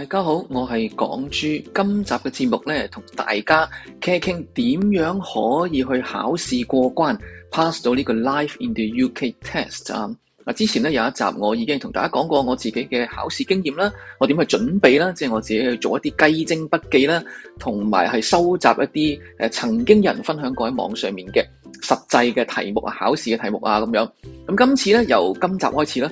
大家好，我係港豬。今集嘅節目咧，同大家傾傾點樣可以去考試過關，pass 到呢個 Life in the UK Test 啊！嗱，之前咧有一集我已經同大家講過我自己嘅考試經驗啦，我點去準備啦，即係我自己去做一啲雞精筆記啦，同埋係收集一啲誒曾經有人分享過喺網上面嘅實際嘅題，題目啊，考試嘅題目啊咁樣。咁今次咧，由今集開始啦。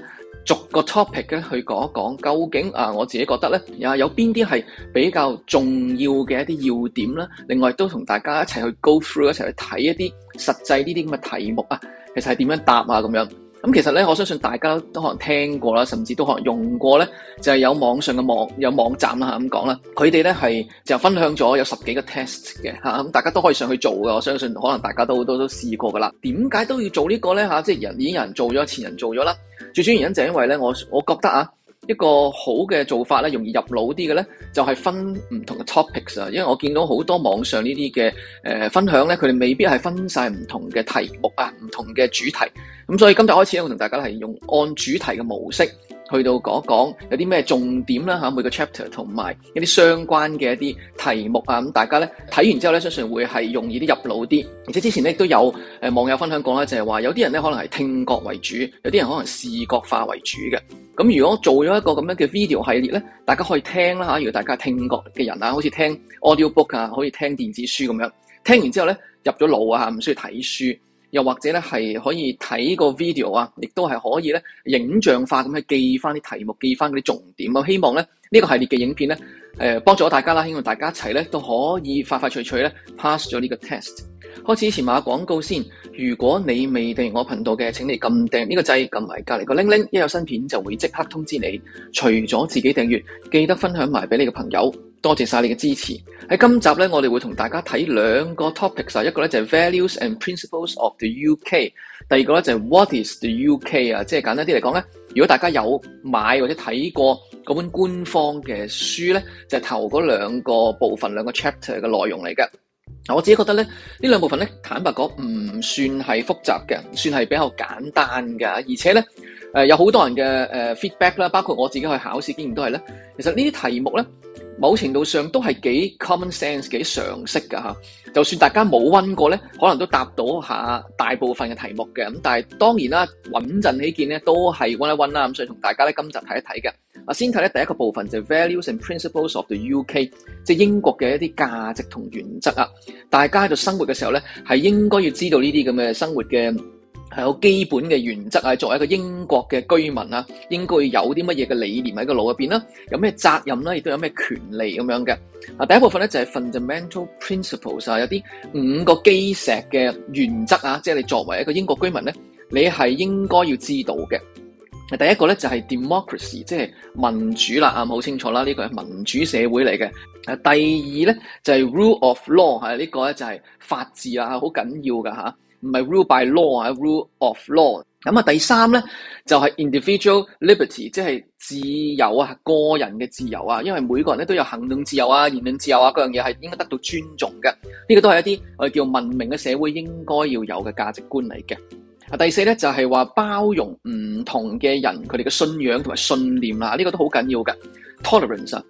逐個 topic 咧去講一講，究竟啊我自己覺得咧，有邊啲係比較重要嘅一啲要點咧？另外都同大家一齊去 go through，一齊去睇一啲實際呢啲咁嘅題目啊，其實係點樣答啊咁樣。咁其實咧，我相信大家都可能聽過啦，甚至都可能用過咧，就係、是、有網上嘅網有網站啦咁講啦，佢哋咧係就分享咗有十幾個 test 嘅咁大家都可以上去做嘅，我相信可能大家都大家都都試過噶啦。點解都要做呢個咧？即係人已經有人做咗，前人做咗啦。最主要原因就係因為咧，我我覺得啊。一個好嘅做法咧，容易入腦啲嘅咧，就係分唔同嘅 topics 啊。因為我見到好多網上呢啲嘅誒分享咧，佢哋未必係分晒唔同嘅題目啊，唔同嘅主題。咁所以今日開始咧，我同大家係用按主題嘅模式。去到講講有啲咩重點啦嚇，每個 chapter 同埋一啲相關嘅一啲題目啊，咁大家咧睇完之後咧，相信會係容易啲入腦啲。而且之前咧亦都有誒網友分享過啦，就係話有啲人咧可能係聽覺為主，有啲人可能視覺化為主嘅。咁如果做咗一個咁樣嘅 video 系列咧，大家可以聽啦嚇。如果大家聽覺嘅人啊，好似聽 audio book 啊，好似聽電子書咁樣。聽完之後咧入咗腦啊，唔需要睇書。又或者咧，係可以睇個 video 啊，亦都係可以咧影像化咁去記翻啲題目，記翻啲重點。我希望咧呢個系列嘅影片咧，誒幫助咗大家啦，希望大家一齊咧都可以快快脆脆咧 pass 咗呢個 test。開始之前買下廣告先，如果你未訂閱我頻道嘅，請你撳訂呢個掣，撳埋隔離個鈴鈴，一有新片就會即刻通知你。除咗自己訂閱，記得分享埋俾你嘅朋友。多謝晒你嘅支持。喺今集咧，我哋會同大家睇兩個 topic 啊，一個咧就係 values and principles of the U K，第二個咧就係 what is the U K 啊。即係簡單啲嚟講咧，如果大家有買或者睇過嗰本官方嘅書咧，就係頭嗰兩個部分兩個 chapter 嘅內容嚟嘅。我自己覺得咧，呢兩部分咧，坦白講唔算係複雜嘅，算係比較簡單㗎。而且咧誒有好多人嘅誒 feedback 啦，包括我自己去考試經驗都係咧，其實呢啲題目咧。某程度上都係幾 common sense 幾常識㗎吓，就算大家冇溫過咧，可能都答到下大部分嘅題目嘅。咁但係當然啦，穩陣起見咧，都係溫一溫啦。咁所以同大家咧今集睇一睇嘅。嗱，先睇咧第一個部分就係 values and principles of the UK，即係英國嘅一啲價值同原則啊。大家喺度生活嘅時候咧，係應該要知道呢啲咁嘅生活嘅。係好基本嘅原則啊，作為一個英國嘅居民啊，應該有啲乜嘢嘅理念喺個腦入面，啦？有咩責任咧？亦都有咩權利咁樣嘅？啊，第一部分咧就係 fundamental principles 啊，有啲五個基石嘅原則啊，即係你作為一個英國居民咧，你係應該要知道嘅。第一個咧就係 democracy，即係民主啦，啊，好清楚啦，呢、呢個係民主社會嚟嘅。啊，第二咧就係 rule of law，係呢個咧就係法治啊，好緊要噶。唔係 rule by law 啊，rule of law。咁啊，第三咧就係、是、individual liberty，即係自由啊，個人嘅自由啊。因為每個人咧都有行動自由啊、言論自由啊，各樣嘢係應該得到尊重嘅。呢、這個都係一啲我哋叫文明嘅社會應該要有嘅價值觀嚟嘅。啊，第四咧就係、是、話包容唔同嘅人，佢哋嘅信仰同埋信念啊，呢、這個都好緊要嘅 tolerance、啊。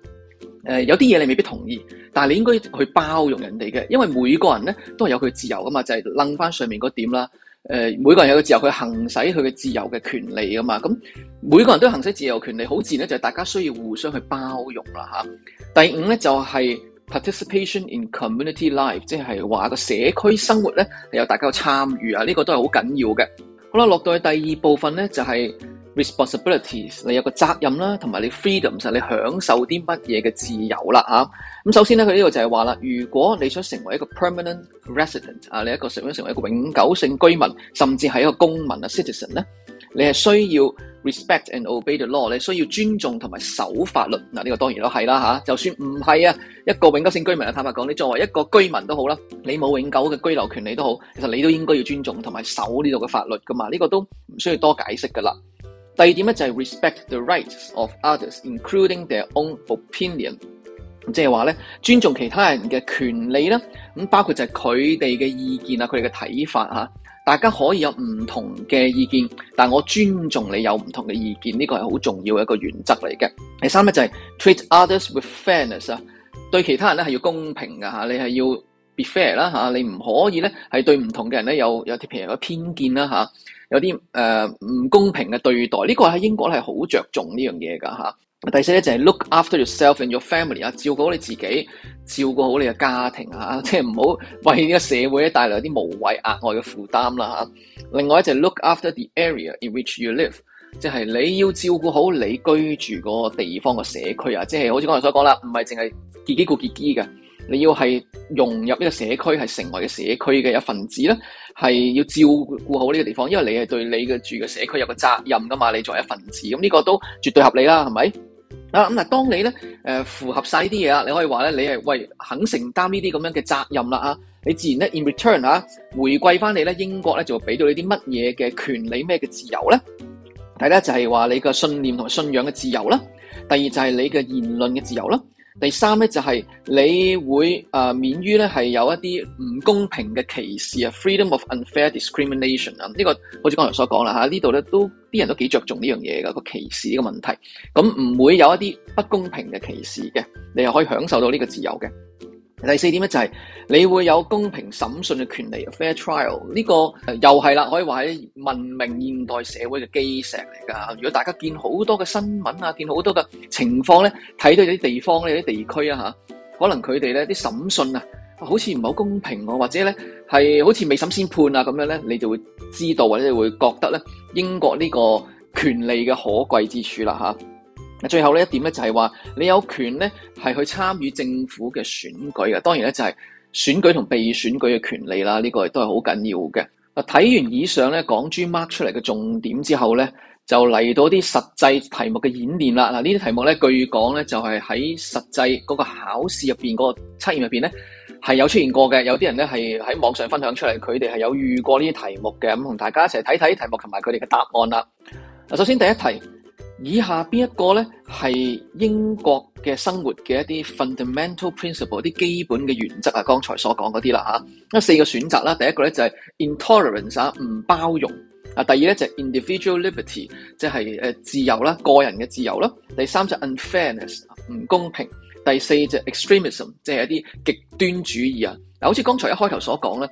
誒、呃、有啲嘢你未必同意，但係你應該去包容人哋嘅，因為每個人咧都係有佢自由㗎嘛，就係掹返上面嗰點啦、呃。每個人有個自由，去行使佢嘅自由嘅權利㗎嘛。咁、嗯、每個人都行使自由權利，好自然咧，就係、是、大家需要互相去包容啦、啊、第五咧就係、是、participation in community life，即係話個社區生活咧係有大家嘅參與啊，呢、這個都係好緊要嘅。好啦，落到去第二部分咧就係、是。Responsibilities 你有個責任啦，同埋你 freedoms 你享受啲乜嘢嘅自由啦吓。咁、啊、首先咧，佢呢個就係話啦，如果你想成為一個 permanent resident 啊，你一個想成為一個永久性居民，甚至係一個公民啊 citizen 咧，你係需要 respect and obey the law，你需要尊重同埋守法律。嗱、啊、呢個當然都係啦吓、啊，就算唔係啊一個永久性居民啊，坦白講，你作為一個居民都好啦，你冇永久嘅居留權利都好，其實你都應該要尊重同埋守呢度嘅法律噶嘛，呢個都唔需要多解釋噶啦。第二點咧就係 respect the rights of others，including their own opinion，即係話咧尊重其他人嘅權利啦，咁包括就係佢哋嘅意見啊，佢哋嘅睇法嚇，大家可以有唔同嘅意見，但我尊重你有唔同嘅意見，呢個係好重要嘅一個原則嚟嘅。第三咧就係 treat others with fairness 啊，對其他人咧係要公平嘅嚇，你係要。be fair 啦嚇，你唔可以咧係對唔同嘅人咧有有啲譬如嘅偏見啦嚇，有啲誒唔公平嘅對待，呢個喺英國係好着重呢樣嘢噶嚇。第四咧就係 look after yourself and your family 啊，照顧好你自己，照顧好你嘅家庭啊，即係唔好為呢個社會咧帶來啲無謂額外嘅負擔啦嚇。另外一隻就係 look after the area in which you live，即係你要照顧好你居住嗰個地方嘅社區啊，即係好似剛才所講啦，唔係淨係自己顧自己嘅。你要係融入呢個社區，係成為嘅社區嘅一份子咧，係要照顧好呢個地方，因為你係對你嘅住嘅社區有個責任噶嘛，你作為一份子，咁、這、呢個都絕對合理啦，係咪？啊，咁、嗯、嗱，當你咧誒、呃、符合晒呢啲嘢啦，你可以話咧，你係喂肯承擔呢啲咁樣嘅責任啦啊，你自然咧 in return 啊，回歸翻你咧英國咧就俾到你啲乜嘢嘅權利咩嘅自由咧？第一就係話你嘅信念同信仰嘅自由啦，第二就係你嘅言論嘅自由啦。第三咧就係你會誒免於咧係有一啲唔公平嘅歧視啊，freedom of unfair discrimination 啊、這個，呢個好似剛才所講啦吓，呢度咧都啲人都幾着重呢樣嘢㗎。個歧視呢個問題，咁唔會有一啲不公平嘅歧視嘅，你又可以享受到呢個自由嘅。第四點咧就係、是、你會有公平審訊嘅權利 （fair trial）。呢個又係啦，可以話係文明現代社會嘅基石嚟噶。如果大家見好多嘅新聞啊，見好多嘅情況咧，睇到有啲地方、有啲地區啊吓，可能佢哋咧啲審訊啊，好似唔係好公平啊，或者咧係好似未審先判啊咁樣咧，你就會知道或者你會覺得咧，英國呢個權利嘅可貴之處啦吓。最後呢一點咧就係話，你有權咧係去參與政府嘅選舉嘅。當然咧就係選舉同被選舉嘅權利啦，呢個亦都係好緊要嘅。嗱，睇完以上咧港豬 Mark 出嚟嘅重點之後咧，就嚟到啲實際題目嘅演練啦。嗱，呢啲題目咧據講咧就係喺實際嗰個考試入邊嗰個測驗入邊咧係有出現過嘅。有啲人咧係喺網上分享出嚟，佢哋係有遇過呢啲題目嘅。咁同大家一齊睇睇題目同埋佢哋嘅答案啦。嗱，首先第一題。以下邊一個咧係英國嘅生活嘅一啲 fundamental principle 啲基本嘅原則啊，剛才所講嗰啲啦嚇，咁四個選擇啦，第一個咧就係 intolerance 啊唔包容啊，第二咧就係 individual liberty 即係誒自由啦，個人嘅自由啦，第三就係 unfairness 唔公平，第四就係 extremism 即係一啲極端主義啊，嗱，好似剛才一開頭所講咧。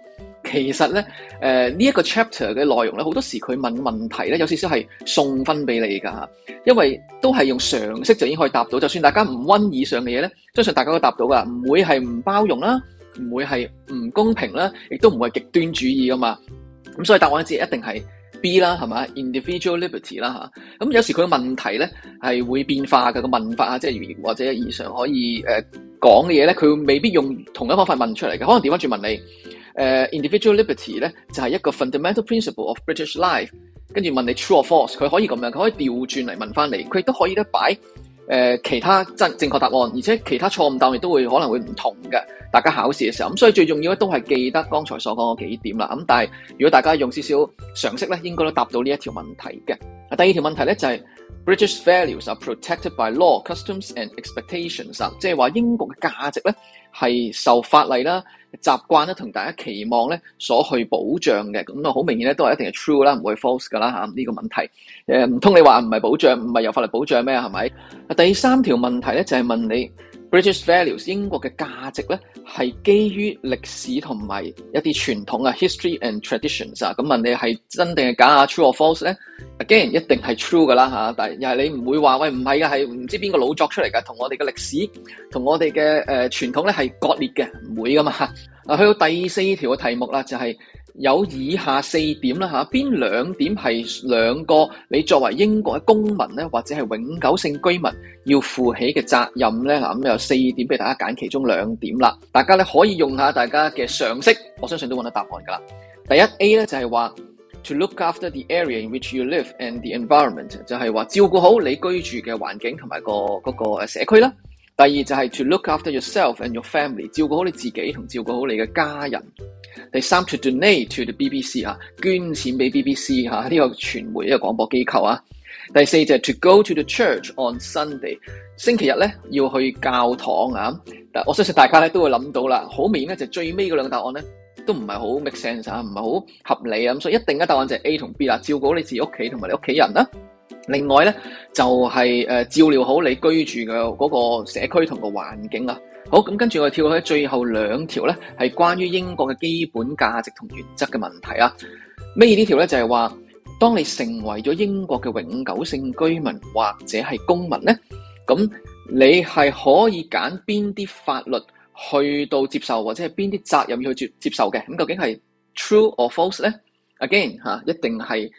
其實咧，誒呢一個 chapter 嘅內容咧，好多時佢問問題咧，有少少係送分俾你㗎，因為都係用常識就已經可以答到。就算大家唔温以上嘅嘢咧，相信大家都答到噶，唔會係唔包容啦，唔會係唔公平啦，亦都唔會係極端主義噶嘛。咁所以答案咧一定係 B 啦，係咪 individual liberty 啦，嚇，咁有時佢嘅問題咧係會變化嘅個問法啊，即係如或者以上可以誒講嘅嘢咧，佢、呃、未必用同一方法問出嚟嘅，可能調翻轉問你。誒、uh, individual liberty 咧就係、是、一個 fundamental principle of British life，跟住問你 true or false，佢可以咁樣，佢可以調轉嚟問翻你，佢亦都可以咧擺誒其他正確答案，而且其他錯誤答案亦都會可能會唔同嘅。大家考試嘅時候咁、嗯，所以最重要咧都係記得剛才所講嘅幾點啦。咁、嗯、但係如果大家用少少常識咧，應該都答到呢一條問題嘅。第二條問題咧就係、是、British values are protected by law, customs and expectations 即係話英國嘅價值咧係受法例啦、習慣啦同大家期望咧所去保障嘅，咁啊好明顯咧都係一定係 true 啦，唔會 false 噶啦嚇呢個問題。誒唔通你話唔係保障，唔係由法例保障咩？係咪？啊，第三條問題咧就係問你。British values 英國嘅價值咧係基於歷史同埋一啲傳統啊，history and traditions 啊，咁問你係真定係假啊？True or false 咧？Again 一定係 true 噶啦嚇，但係又係你唔會話喂唔係㗎，係唔知邊個老作出嚟㗎，同我哋嘅歷史同我哋嘅誒傳統咧係割裂嘅，唔會㗎嘛、啊。去到第四條嘅題目啦，就係、是。有以下四點啦，吓邊兩點係兩個你作為英國嘅公民咧，或者係永久性居民要負起嘅責任咧咁、嗯，有四點俾大家揀其中兩點啦。大家咧可以用下大家嘅常識，我相信都揾到答案噶啦。第一 A 咧就係、是、話 to look after the area in which you live and the environment，就係話照顧好你居住嘅環境同埋、嗰個、嗰個誒社區啦。第二就係 to look after yourself and your family，照顧好你自己同照顧好你嘅家人。第三 to donate to the BBC 捐錢俾 BBC 啊呢個傳媒呢個廣播機構啊。第四就係 to go to the church on Sunday，星期日咧要去教堂啊。但我相信大家咧都會諗到啦，好明顯咧就最尾嗰兩個答案咧都唔係好 make sense 啊，唔係好合理啊，咁所以一定嘅答案就係 A 同 B 啦，照顧好你自己屋企同埋你屋企人啦。另外咧，就係、是、誒照料好你居住嘅嗰個社區同個環境啊。好，咁跟住我哋跳去最後兩條咧，係關於英國嘅基本價值同原則嘅問題啊。咩呢條咧？就係、是、話，當你成為咗英國嘅永久性居民或者係公民咧，咁你係可以揀邊啲法律去到接受，或者係邊啲責任要去接接受嘅。咁究竟係 true or false 咧？Again 嚇，一定係。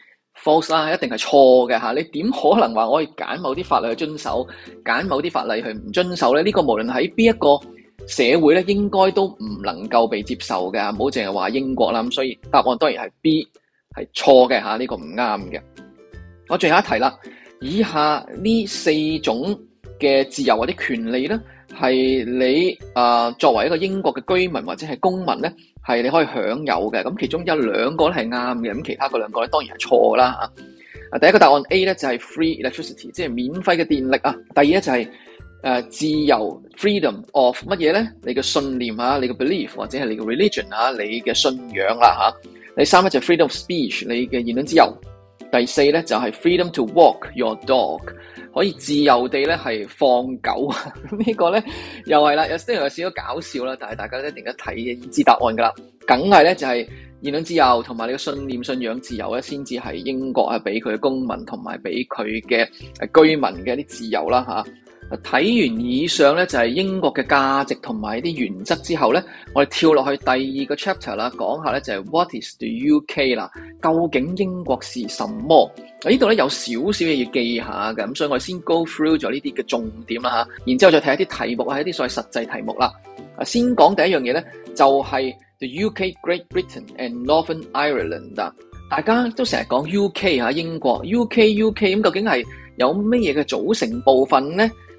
false 啦，一定係錯嘅吓。你點可能話我可以揀某啲法律去遵守，揀某啲法例去唔遵守咧？呢個無論喺邊一個社會咧，應該都唔能夠被接受嘅。唔好淨係話英國啦。咁所以答案當然係 B 係錯嘅吓，呢個唔啱嘅。我最後一題啦，以下呢四種嘅自由或者權利咧。係你啊、呃，作為一個英國嘅居民或者係公民咧，係你可以享有嘅。咁其中有兩個係啱嘅，咁其他嗰兩個咧當然係錯啦吓。啊，第一個答案 A 咧就係、是、free electricity，即係免費嘅電力啊。第二咧就係、是、誒、呃、自由 freedom of 乜嘢咧？你嘅信念啊，你嘅 belief 或者係你嘅 religion 啊，你嘅信仰啦吓、啊。第三就係 freedom of speech，你嘅言論自由。第四咧就係、是、freedom to walk your dog。可以自由地咧係放狗，這個、呢個咧又係啦，有啲人又少少搞笑啦，但係大家一定要睇嘅已知答案㗎啦，梗係咧就係言論自由同埋你嘅信念、信仰自由咧，先至係英國係俾佢嘅公民同埋俾佢嘅居民嘅一啲自由啦嚇。啊睇完以上咧，就係英國嘅價值同埋一啲原則之後咧，我哋跳落去第二個 chapter 啦，講下咧就係 What is the UK 啦？究竟英國是什麼？呢度咧有少少嘢要記下，咁所以我哋先 go through 咗呢啲嘅重點啦吓，然之後再睇一啲題目，一啲所謂實際題目啦。先講第一樣嘢咧，就係 the UK, Great Britain and Northern Ireland 啊！大家都成日講 UK 吓，英國，UK UK 咁究竟係有咩嘢嘅組成部分咧？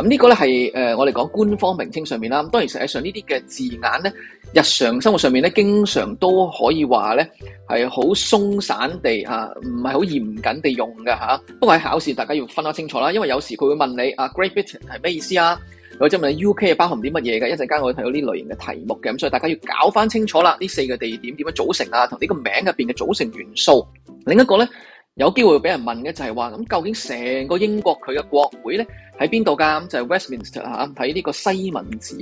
咁、嗯這個、呢個咧係誒我哋講官方名稱上面啦。咁當然實際上呢啲嘅字眼咧，日常生活上面咧，經常都可以話咧係好鬆散地，唔係好嚴謹地用㗎。嚇、啊。不過喺考試，大家要分得清楚啦。因為有時佢會問你啊 Great Britain 係咩意思啊，或者問你 UK 係包含啲乜嘢嘅。一陣間我會睇到呢類型嘅題目嘅，咁、嗯、所以大家要搞翻清楚啦。呢四個地點點樣組成啊，同呢個名入邊嘅組成元素。另一個咧。有機會俾人問嘅就係話，咁究竟成個英國佢嘅國會咧喺邊度㗎？就係、是、Westminster 嚇，喺呢個西敏寺。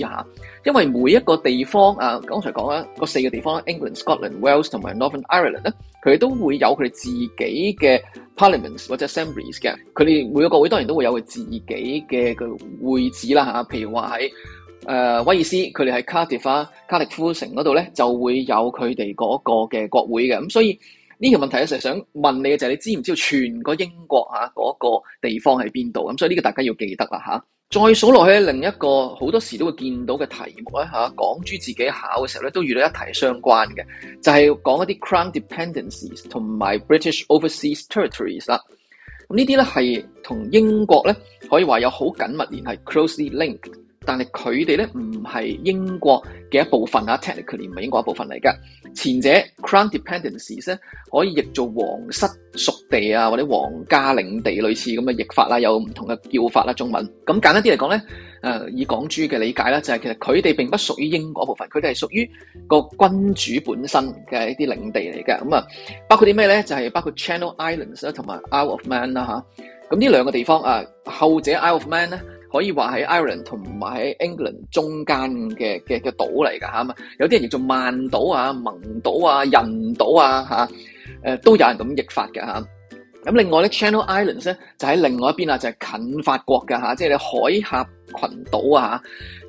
因為每一個地方啊，剛才講啦，四個地方咧，England、Scotland、Wales 同埋 Northern Ireland 咧、啊，佢都會有佢自己嘅 Parliaments 或者 Assemblies 嘅。佢哋每個國會當然都會有佢自己嘅個會址啦嚇、啊。譬如話喺誒威爾斯，佢哋喺 Cardiff c、啊、卡迪夫卡迪夫城嗰度咧就會有佢哋嗰個嘅國會嘅。咁、嗯、所以。呢個問題咧，就係想問你嘅就係你知唔知道全個英國嗰個地方喺邊度？咁所以呢個大家要記得啦嚇。再數落去另一個好多時都會見到嘅題目咧嚇，港豬自己考嘅時候咧都遇到一題相關嘅，就係講一啲 Crown Dependencies 同埋 British Overseas Territories 啦。咁呢啲咧係同英國咧可以話有好緊密聯繫 closely linked。但係佢哋咧唔係英國嘅一部分啊，technically 唔係英國一部分嚟㗎。前者 Crown Dependencies 咧可以譯做皇室屬地啊，或者皇家領地類似咁嘅譯法啦，有唔同嘅叫法啦，中文。咁簡單啲嚟講咧，誒以港珠嘅理解咧，就係、是、其實佢哋並不屬於英國一部分，佢哋係屬於個君主本身嘅一啲領地嚟嘅。咁啊，包括啲咩咧？就係、是、包括 Channel Islands 啦，同埋 Isle of Man 啦嚇。咁呢兩個地方啊，後者 Isle of Man 咧。可以話喺 Ireland 同埋喺 England 中間嘅嘅嘅島嚟㗎嘛，有啲人叫做曼島啊、蒙島啊、人島啊、仁島啊，誒都有人咁譯法嘅。咁另外咧 Channel Islands 咧就喺另外一邊啊，就係、是、近法國㗎，即係你海峽群島啊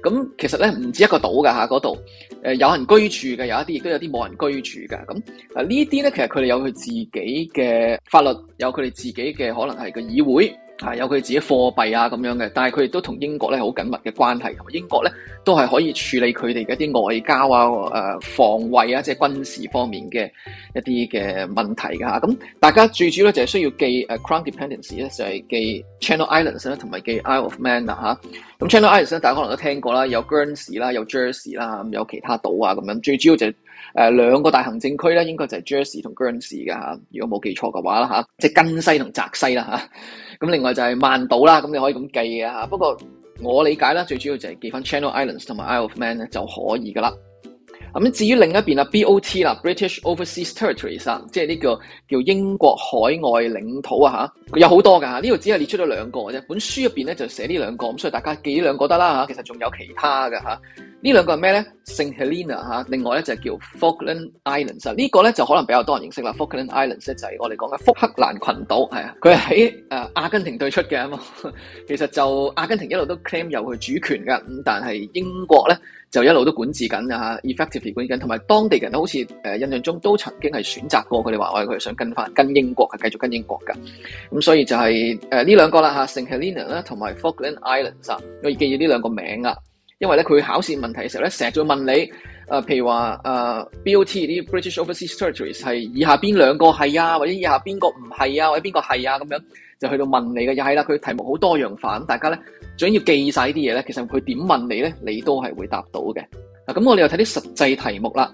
咁、啊、其實咧唔止一個島㗎。嗰度誒有人居住嘅，有一啲亦都有啲冇人居住㗎。咁啊、啊呢啲咧其實佢哋有佢自己嘅法律，有佢哋自己嘅可能係個議會。啊，有佢自己貨幣啊咁樣嘅，但係佢哋都同英國咧好緊密嘅關係，英國咧都係可以處理佢哋一啲外交啊、呃、防衛啊，即係軍事方面嘅一啲嘅問題㗎嚇。咁大家最主要咧就係、是、需要記誒、uh, Crown Dependencies 咧，就係記 Channel Islands 呢，同埋記 Isle of Man 啦、啊、咁 Channel Islands 呢，大家可能都聽過啦，有 Guernsey 啦，有 Jersey 啦，有其他島啊咁樣。最主要就係、是兩、呃、個大行政區咧，應該就係 Jersey 同 Guernsey 嘅、啊、如果冇記錯嘅話啦、啊、即係根西同澤西啦咁、啊啊、另外就係曼島啦，咁、啊、你可以咁記嘅，不過我理解咧，最主要就係記翻 Channel Islands 同埋 Isle of Man 咧就可以噶、啊、啦。咁至於另一邊啊，BOT 啦，British Overseas Territories、啊、即係呢個叫英國海外領土啊嚇，有好多噶嚇。呢、啊、度只係列出咗兩個啫。本書入邊咧就寫呢兩個，咁所以大家記呢兩個得啦、啊、其實仲有其他嘅呢兩個係咩呢 ?Saint Helena, 另外呢就叫 Falkland Islands, 呢個呢就可能比較多人認識啦 ,Falkland Islands 呢就係我哋講嘅福克蘭群島係啊佢喺呃阿根廷對出嘅啊嘛其實就阿根廷一路都 claim 有佢主權㗎咁但係英國呢就一路都管治緊呃 ,effectively 管治緊同埋當地人都好似呃印象中都曾經係選擇過佢哋話我哋佢想跟返跟英國係繼續跟英國㗎。咁、嗯、所以就係、是、呢、呃、兩個啦、啊、,Saint Helena 啦同埋 Falkland Islands, 啊，我要記住呢兩個名啊因為咧佢考試問題嘅時候咧，成日再問你，誒、呃，譬如話誒、呃、，B O T 啲 British Overseas Territories 係以下邊兩個係啊，或者以下邊個唔係啊，或者邊個係啊，咁樣就去到問你嘅，又係啦。佢題目好多樣化，咁大家咧最緊要記晒啲嘢，咧，其實佢點問你咧，你都係會答到嘅。嗱、啊，咁我哋又睇啲實際題目啦。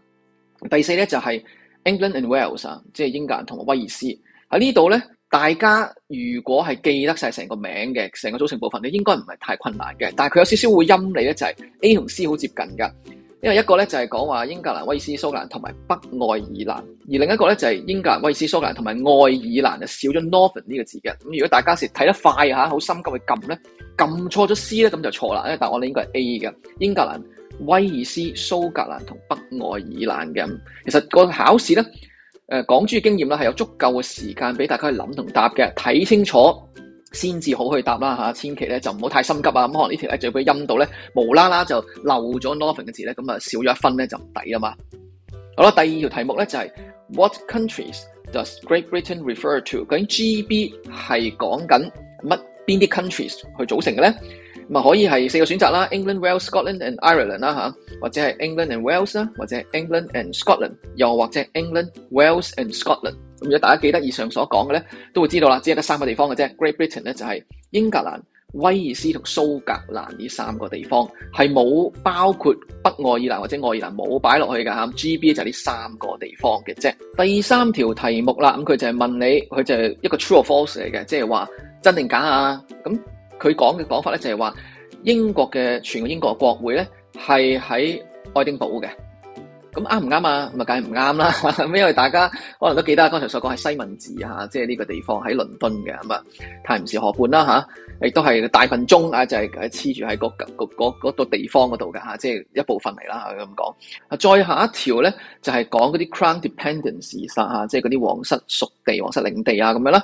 第四咧就係 England and Wales 即係英格蘭同埋威爾斯喺呢度咧，大家如果係記得晒成個名嘅，成個組成部分，你應該唔係太困難嘅。但係佢有少少會陰你咧，就係 A 同 C 好接近噶，因為一個咧就係講話英格蘭、威斯、蘇格蘭同埋北愛爾蘭，而另一個咧就係英格蘭、威斯、蘇格蘭同埋愛爾蘭就少咗 Northern 呢個字嘅。咁如果大家是睇得快啊，好心急去撳咧，撳錯咗 C 咧，咁就錯啦，因為答案咧應該係 A 嘅英格蘭。威爾斯、蘇格蘭同北愛爾蘭嘅，其實個考試咧，誒、呃、講諸嘅經驗咧，係有足夠嘅時間俾大家去諗同答嘅，睇清楚先至好去答啦嚇，千祈咧就唔好太心急啊！咁可能這條呢條咧，就比如印度咧，無啦啦就漏咗 Northern 嘅字咧，咁啊少咗一分咧就唔抵啦嘛。好啦，第二條題目咧就係、是、What countries does Great Britain refer to？究竟 GB 係講緊乜邊啲 countries 去組成嘅咧？可以係四個選擇啦，England, Wales, Scotland and Ireland 啦嚇，或者係 England and Wales 啦，或者 England and Scotland，又或者 England, Wales and Scotland。咁如果大家記得以上所講嘅咧，都會知道啦，只係得三個地方嘅啫。Great Britain 咧就係英格蘭、威爾斯同蘇格蘭呢三個地方，係冇包括北愛爾蘭或者愛爾蘭冇擺落去㗎嚇。GB 就係呢三個地方嘅啫。第三條題目啦，咁佢就係問你，佢就係一個 true or false 嚟嘅，即係話真定假啊咁。佢講嘅講法咧就係話，英國嘅全英國國會咧係喺愛丁堡嘅。咁啱唔啱啊？咪梗係唔啱啦！咁因為大家可能都記得，剛才所講係西敏寺，n 即係呢個地方喺倫敦嘅咁啊，泰晤士河畔啦嚇！亦都係大笨鐘啊，就係黐住喺嗰個地方嗰度嘅嚇，即係一部分嚟啦咁講。啊，再下一條咧就係講嗰啲 Crown Dependencies 啦，即係嗰啲王室屬地、王室領地啊咁樣啦。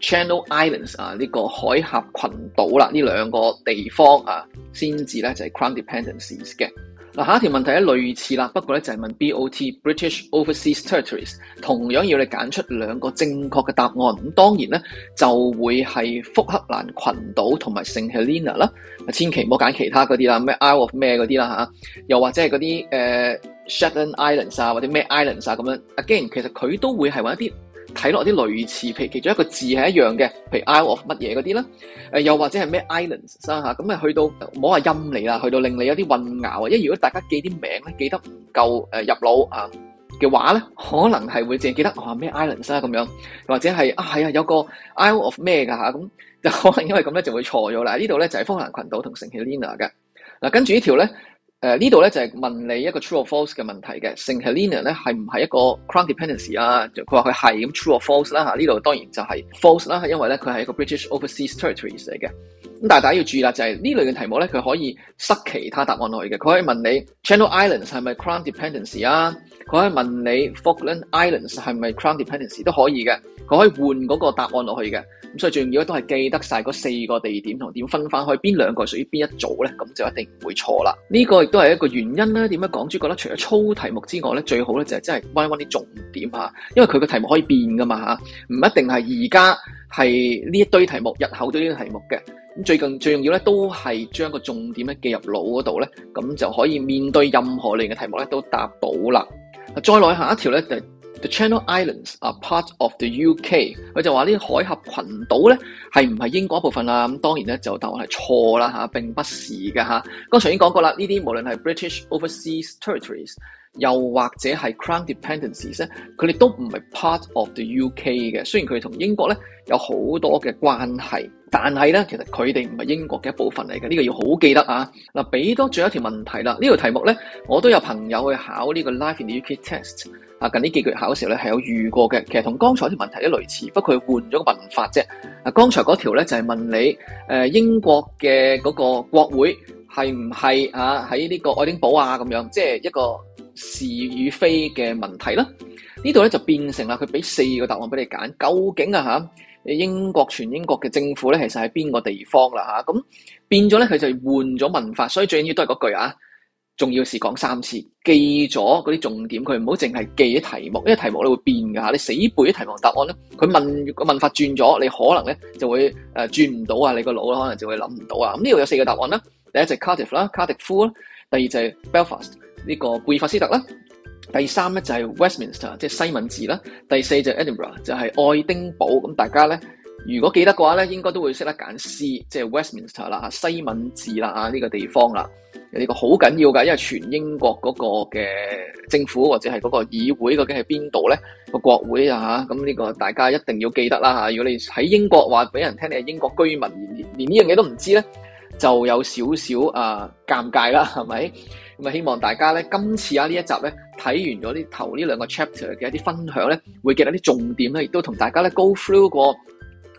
Channel Islands 啊，呢、這個海峽群島啦，呢兩個地方啊，先至咧就係、是、Crown Dependencies 嘅。嗱、啊，下一條問題咧類似啦，不過咧就係、是、問 BOT British Overseas Territories，同樣要你揀出兩個正確嘅答案。咁當然咧就會係福克蘭群島同埋聖赫勒娜啦。千祈唔好揀其他嗰啲啦，咩 Isle 咩嗰啲啦嚇，又或者係嗰啲 Shetland Islands 啊，或者咩 Islands 啊咁樣。Again，其實佢都會係揾一啲。睇落啲類似，譬如其中一個字係一樣嘅，譬如 Isle of 乜嘢嗰啲啦，誒又或者係咩 Islands 啦。嚇，咁誒去到唔好話音嚟啦，去到令你有啲混淆啊，因為如果大家記啲名咧，記得唔夠誒入腦啊嘅話咧，可能係會淨係記得我話咩 Islands 啊咁樣，或者係啊係啊有個 Isle of 咩噶嚇，咁就可能因為咁咧就會錯咗啦。呢度咧就係福克蘭群島同聖克利納嘅嗱，跟住呢條咧。誒、呃、呢度咧就係、是、問你一個 true or false 嘅問題嘅，聖赫勒拿咧係唔係一個 Crown Dependency 啊？佢話佢係咁 true or false 啦嚇，呢度當然就係 false 啦，因為咧佢係一個 British Overseas Territories 嚟嘅。咁大家要注意啦，就係、是、呢類嘅題目咧，佢可以塞其他答案落去嘅，佢可以問你 Channel Islands 係咪 Crown Dependency 啊？佢可以問你 Falkland Islands 係咪 Crown Dependency 都可以嘅，佢可以換嗰個答案落去嘅。咁所以最重要都係記得晒嗰四個地點同點分翻去邊兩個屬於邊一組咧，咁就一定唔會錯啦。呢、這個都係一個原因啦，點樣講？主要覺得除咗粗題目之外咧，最好咧就係、是、真係揾一揾啲重點啊，因為佢個題目可以變噶嘛嚇，唔一定係而家係呢一堆題目、日後都呢啲題目嘅。咁最近最重要咧，都係將個重點咧記入腦嗰度咧，咁就可以面對任何類型嘅題目咧都答到啦。再落嚟下一條咧就。The Channel Islands are part of the UK。佢就話呢海峽群島咧，係唔係英國一部分啊，咁當然咧，就答案係錯啦嚇，並不是嘅嚇。剛才已經講過啦，呢啲無論係 British Overseas Territories，又或者係 Crown Dependencies 咧，佢哋都唔係 part of the UK 嘅。雖然佢哋同英國咧有好多嘅關係，但係咧，其實佢哋唔係英國嘅一部分嚟嘅。呢個要好記得啊。嗱，俾多最後一條問題啦。呢條題目咧，我都有朋友去考呢個 Life in the UK Test。啊！近呢幾句考嘅時候咧係有預過嘅，其實同剛才啲問題都類似，不過換咗、就是呃、個文法啫。啊，剛才嗰條咧就係問你，誒英國嘅嗰個國會係唔係啊喺呢個愛丁堡啊咁樣，即係一個是與非嘅問題啦。呢度咧就變成啦，佢俾四個答案俾你揀，究竟啊，啊英國全英國嘅政府咧其實喺邊個地方啦咁、啊嗯、變咗咧，佢就換咗文法，所以最緊要都係嗰句啊。重要事講三次，記咗嗰啲重點，佢唔好淨係記啲題目，因為題目你會變噶嚇，你死背啲題目答案咧，佢問個問法轉咗，你可能咧就會誒、呃、轉唔到啊，你個腦咧可能就會諗唔到啊。咁呢度有四個答案啦，第一隻 Cardiff 啦，卡迪夫啦，第二隻 Belfast 呢個貝法斯特啦，第三咧就係 Westminster 即西敏寺啦，第四隻 Edinburgh 就係愛丁堡咁、嗯，大家咧。如果記得嘅話咧，應該都會識得揀 C，即係 Westminster 啦，西敏寺啦啊，呢個地方啦，呢個好緊要嘅，因為全英國嗰個嘅政府或者係嗰個議會究竟喺邊度咧？個國會啊嚇，咁呢個大家一定要記得啦嚇。如果你喺英國話俾人聽你係英國居民，連呢樣嘢都唔知咧，就有少少啊尷尬啦，係咪？咁啊，希望大家咧今次啊呢一集咧睇完咗呢頭呢兩個 chapter 嘅一啲分享咧，會記得啲重點咧，亦都同大家咧 go through 過。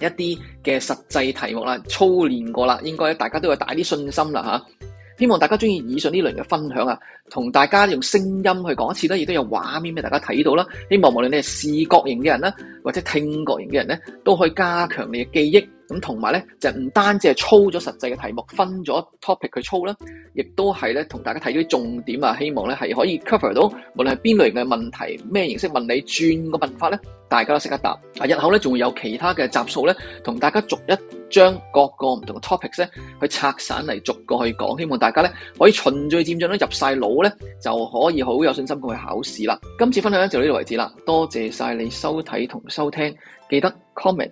一啲嘅實際題目啦，操練過啦，應該大家都有大啲信心啦吓。希望大家中意以上呢類嘅分享啊，同大家用聲音去講一次啦，亦都有畫面俾大家睇到啦。希望無論你係視覺型嘅人啦，或者聽覺型嘅人咧，都可以加強你嘅記憶。咁同埋咧，就唔單止係操咗實際嘅題目，分咗 topic 去操啦，亦都係咧同大家提咗啲重點啊，希望咧係可以 cover 到，無論係邊類型嘅問題，咩形式問你轉個問法咧，大家都識得答。啊，日後咧仲會有其他嘅集數咧，同大家逐一將各個唔同嘅 topics 咧去拆散嚟逐個去講，希望大家咧可以循序漸進咧入晒腦咧，就可以好有信心去考試啦。今次分享咧就到呢度為止啦，多謝晒你收睇同收聽，記得 comment、